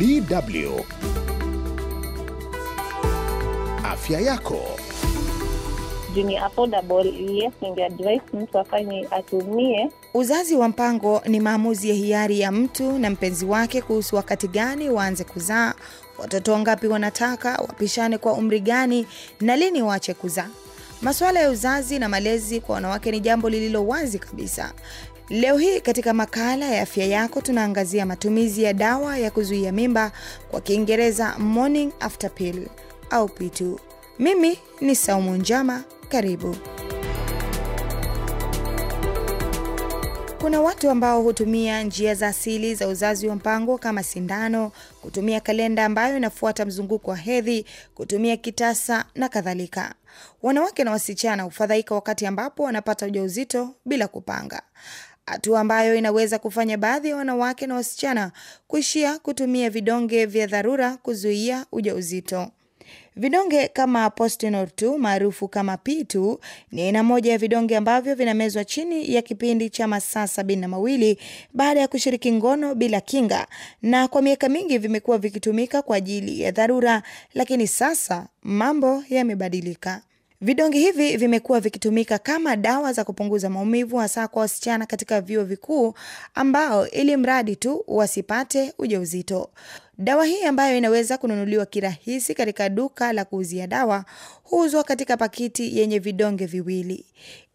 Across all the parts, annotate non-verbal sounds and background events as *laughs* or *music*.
DW afya yako. Juu e mtu atumie. Uzazi wa mpango ni maamuzi ya hiari ya mtu na mpenzi wake kuhusu wakati gani waanze kuzaa, watoto wangapi wanataka, wapishane kwa umri gani na lini waache kuzaa. Masuala ya uzazi na malezi kwa wanawake ni jambo lililo wazi kabisa. Leo hii katika makala ya afya yako tunaangazia matumizi ya dawa ya kuzuia mimba kwa Kiingereza morning after pill au P2. Mimi ni Saumu Njama, karibu. Kuna watu ambao hutumia njia za asili za uzazi wa mpango kama sindano, kutumia kalenda ambayo inafuata mzunguko wa hedhi, kutumia kitasa na kadhalika. Wanawake na wasichana hufadhaika wakati ambapo wanapata ujauzito bila kupanga hatua ambayo inaweza kufanya baadhi ya wanawake na wasichana kuishia kutumia vidonge vya dharura kuzuia ujauzito. Vidonge kama Postinor 2 maarufu kama P2 ni aina moja ya vidonge ambavyo vinamezwa chini ya kipindi cha masaa sabini na mawili baada ya kushiriki ngono bila kinga, na kwa miaka mingi vimekuwa vikitumika kwa ajili ya dharura, lakini sasa mambo yamebadilika. Vidonge hivi vimekuwa vikitumika kama dawa za kupunguza maumivu hasa kwa wasichana katika vyuo vikuu ambao ili mradi tu wasipate ujauzito. Dawa hii ambayo inaweza kununuliwa kirahisi katika duka la kuuzia dawa huuzwa katika pakiti yenye vidonge viwili.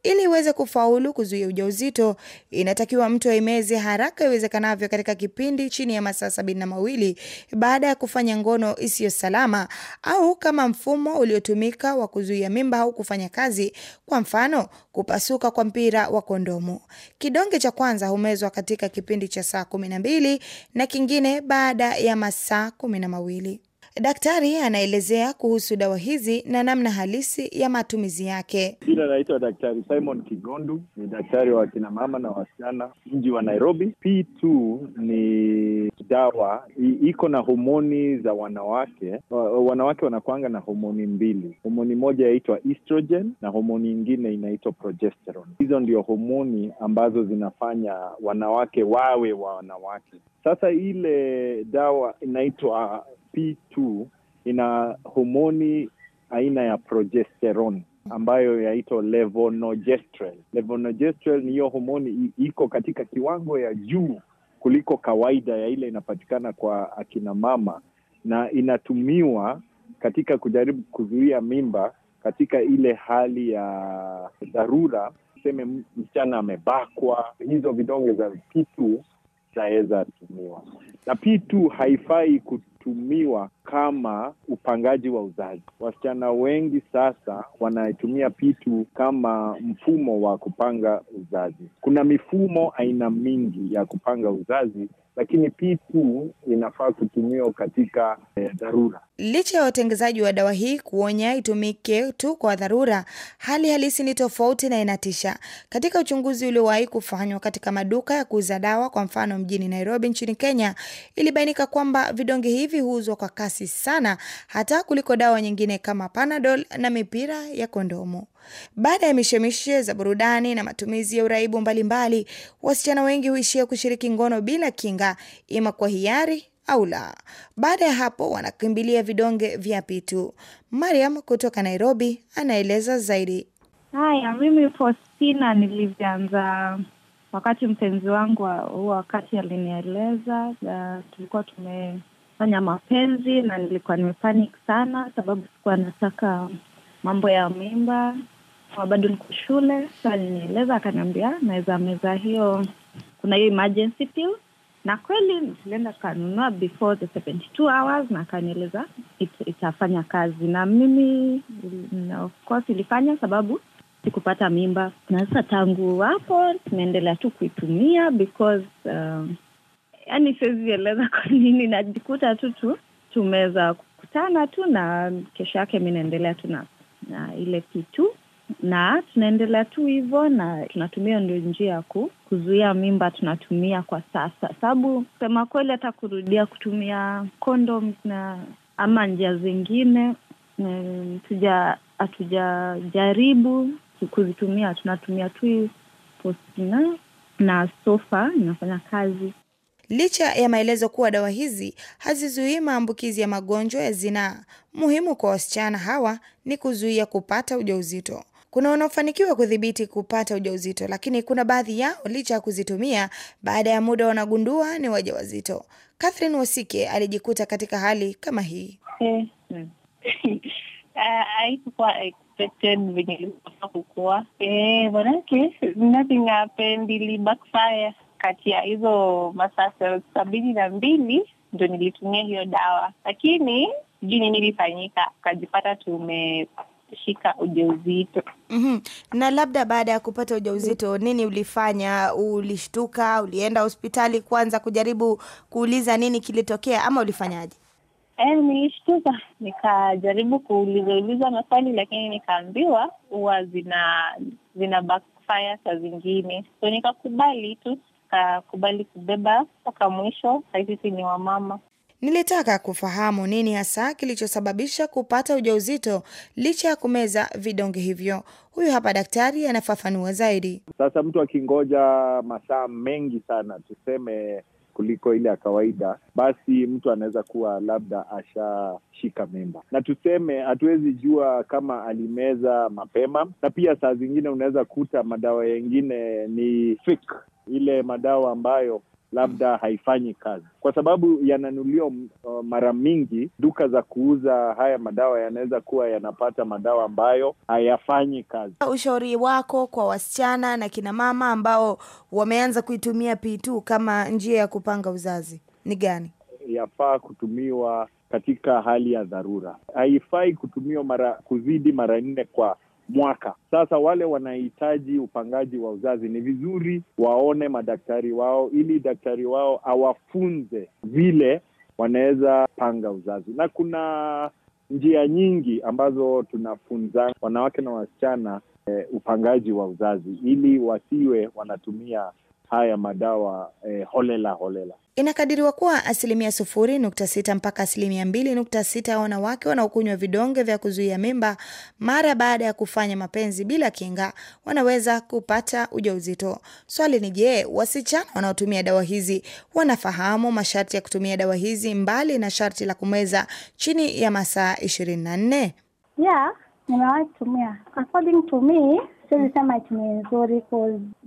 Ili iweze kufaulu kuzuia ujauzito, inatakiwa mtu aimeze haraka iwezekanavyo katika kipindi chini ya masaa sabini na mawili baada ya kufanya ngono isiyo salama, au kama mfumo uliotumika wa kuzuia mimba au kufanya kazi, kwa mfano kupasuka kwa mpira wa kondomu. Kidonge cha kwanza humezwa katika kipindi cha saa kumi na mbili na kingine baada ya masaa kumi na mawili. Daktari anaelezea kuhusu dawa hizi na namna halisi ya matumizi yake. Jina naitwa Daktari Simon Kigondu, ni daktari wa kinamama na wasichana mji wa Nairobi. P2 ni dawa iko na homoni za wanawake. Wanawake wanakwanga na homoni mbili, homoni moja yaitwa estrogen na homoni ingine inaitwa progesterone. Hizo ndio homoni ambazo zinafanya wanawake wawe wanawake. Sasa ile dawa inaitwa p ina homoni aina ya progesteron ambayo yaitwa levonogestrel levonogestrel ni hiyo homoni iko katika kiwango ya juu kuliko kawaida ya ile inapatikana kwa akina mama, na inatumiwa katika kujaribu kuzuia mimba katika ile hali ya dharura, tuseme msichana amebakwa, hizo vidonge za pitu itaweza tumiwa, na p haifai kutumiwa kama upangaji wa uzazi. Wasichana wengi sasa wanatumia p kama mfumo wa kupanga uzazi. Kuna mifumo aina mingi ya kupanga uzazi lakini P2 inafaa kutumiwa katika eh, dharura. Licha ya watengezaji wa dawa hii kuonya itumike tu kwa dharura, hali halisi ni tofauti na inatisha. Katika uchunguzi uliowahi kufanywa katika maduka ya kuuza dawa, kwa mfano mjini Nairobi nchini Kenya, ilibainika kwamba vidonge hivi huuzwa kwa kasi sana, hata kuliko dawa nyingine kama Panadol na mipira ya kondomo. Baada ya mishemishe za burudani na matumizi ya uraibu mbalimbali, wasichana wengi huishia kushiriki ngono bila kinga, ima kwa hiari au la. Baada ya hapo wanakimbilia vidonge vya pitu. Mariam kutoka Nairobi anaeleza zaidi. Haya, mimi Faustina nilivyoanza wakati mpenzi wangu huwa wakati alinieleza, na tulikuwa tumefanya mapenzi na nilikuwa nimepanic sana, sababu sikuwa nataka mambo ya mimba bado niko shule, so alinieleza akaniambia naweza meza hiyo, kuna hiyo emergency pill na kweli nilienda kanunua before the 72 hours na akanieleza it, itafanya kazi na mimi of course ilifanya sababu sikupata mimba na sasa tangu hapo tumeendelea tu kuitumia because um, yani siwezieleza *laughs* kwa nini najikuta tu tu tumeweza kukutana tu na kesho yake mi naendelea tu na, na ile pitu na tunaendelea tu hivyo, na tunatumia ndio njia ya ku, kuzuia mimba tunatumia kwa sasa, sababu sema kweli, hata kurudia kutumia kondom na ama njia zingine eh, hatujajaribu kuzitumia, tunatumia tu postina na sofa inafanya kazi. Licha ya maelezo kuwa dawa hizi hazizuii maambukizi ya magonjwa ya zinaa, muhimu kwa wasichana hawa ni kuzuia kupata ujauzito. Kuna wanaofanikiwa kudhibiti kupata ujauzito, lakini kuna baadhi yao licha ya kuzitumia, baada ya muda wanagundua ni wajawazito. Catherine Wasike alijikuta katika hali kama hii. *laughs* Ah, haikuwa expected venye eh, manake nothing happened, ili backfire. Kati ya hizo masaa sabini na mbili ndo nilitumia hiyo dawa, lakini sijui nini ilifanyika, ukajipata tume kushika ujauzito. mm -hmm. Na labda baada ya kupata ujauzito nini ulifanya? Ulishtuka? Ulienda hospitali kwanza kujaribu kuuliza nini kilitokea, ama ulifanyaje? E, nilishtuka nikajaribu kuulizauliza maswali lakini nikaambiwa huwa zina zina backfire zingine, so nikakubali tu, kakubali kubeba mpaka mwisho. Sisi ni wamama. Nilitaka kufahamu nini hasa kilichosababisha kupata ujauzito licha ya kumeza vidonge hivyo. Huyu hapa daktari anafafanua zaidi. Sasa mtu akingoja masaa mengi sana, tuseme kuliko ile ya kawaida, basi mtu anaweza kuwa labda ashashika mimba, na tuseme hatuwezi jua kama alimeza mapema, na pia saa zingine unaweza kuta madawa yengine ni fake, ile madawa ambayo labda haifanyi kazi, kwa sababu uh, mara mingi. Duka za kuuza haya madawa yanaweza kuwa yanapata madawa ambayo hayafanyi kazi. Ushauri wako kwa wasichana na kina mama ambao wameanza kuitumia p kama njia ya kupanga uzazi ni gani? Yafaa kutumiwa katika hali ya dharura, haifai kutumiwa mara kuzidi mara nne kwa mwaka. Sasa wale wanahitaji upangaji wa uzazi, ni vizuri waone madaktari wao, ili daktari wao awafunze vile wanaweza panga uzazi, na kuna njia nyingi ambazo tunafunza wanawake na wasichana eh, upangaji wa uzazi ili wasiwe wanatumia haya madawa eh, holela holela. Inakadiriwa kuwa asilimia sufuri nukta sita mpaka asilimia mbili nukta sita ya wanawake wanaokunywa vidonge vya kuzuia mimba mara baada ya kufanya mapenzi bila kinga wanaweza kupata ujauzito. Swali ni je, wasichana wanaotumia dawa hizi wanafahamu masharti ya kutumia dawa hizi mbali na sharti la kumeza chini ya masaa ishirini na nne? Yeah, nimewahi kutumia. According to me, siwezi sema ni nzuri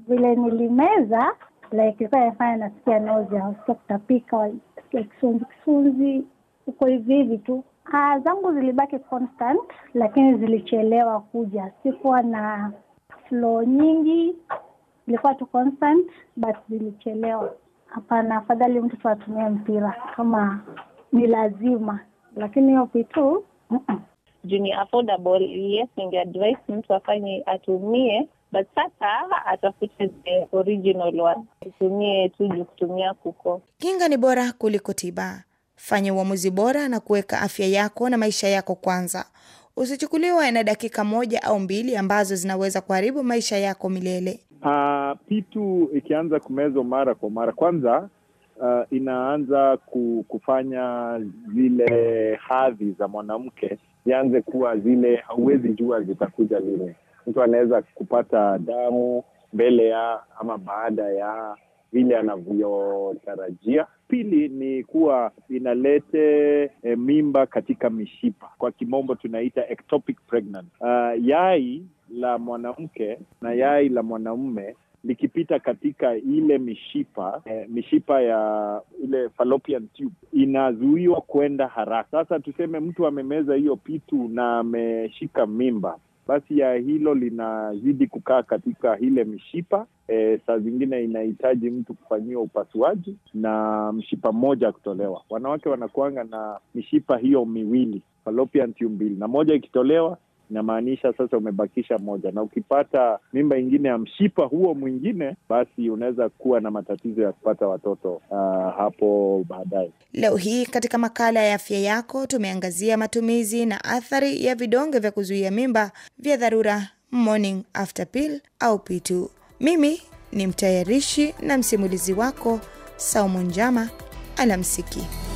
vile nilimeza like ilikuwa inafanya nasikia nausea, nasikia kutapika, nasikia kisunzi kisunzi, uko hivi hivi tu. Ah, zangu zilibaki constant, lakini zilichelewa kuja. Sikuwa na flow nyingi, zilikuwa tu constant but zilichelewa. Hapana, afadhali mtoto atumie mpira kama ni lazima, lakini hiyo vitu juu affordable. Yes, ningeadvise mtu afanye atumie but sasa atafute the original one, tutumie tuju kutumia kuko. Kinga ni bora kuliko tiba. Fanya uamuzi bora na kuweka afya yako na maisha yako kwanza. Usichukuliwe na dakika moja au mbili ambazo zinaweza kuharibu maisha yako milele. Uh, pitu ikianza kumezwa mara kwa mara, kwanza uh, inaanza kufanya zile hadhi za mwanamke zianze kuwa zile, hauwezi jua zitakuja lini mtu anaweza kupata damu mbele ya ama baada ya vile anavyotarajia. Pili ni kuwa inalete e, mimba katika mishipa, kwa kimombo tunaita ectopic pregnancy. Uh, ah, yai la mwanamke na yai la mwanaume likipita katika ile mishipa e, mishipa ya ile fallopian tube inazuiwa kwenda haraka. Sasa tuseme mtu amemeza hiyo pitu na ameshika mimba basi ya hilo linazidi kukaa katika ile mishipa e, saa zingine inahitaji mtu kufanyiwa upasuaji na mshipa mmoja kutolewa. Wanawake wanakuanga na mishipa hiyo miwili fallopian tubule, na moja ikitolewa inamaanisha sasa umebakisha moja, na ukipata mimba ingine ya mshipa huo mwingine, basi unaweza kuwa na matatizo ya kupata watoto uh, hapo baadaye. Leo hii katika makala ya afya yako tumeangazia matumizi na athari ya vidonge vya kuzuia mimba vya dharura, morning after pill au P2. Mimi ni mtayarishi na msimulizi wako Saumu Njama. Alamsiki.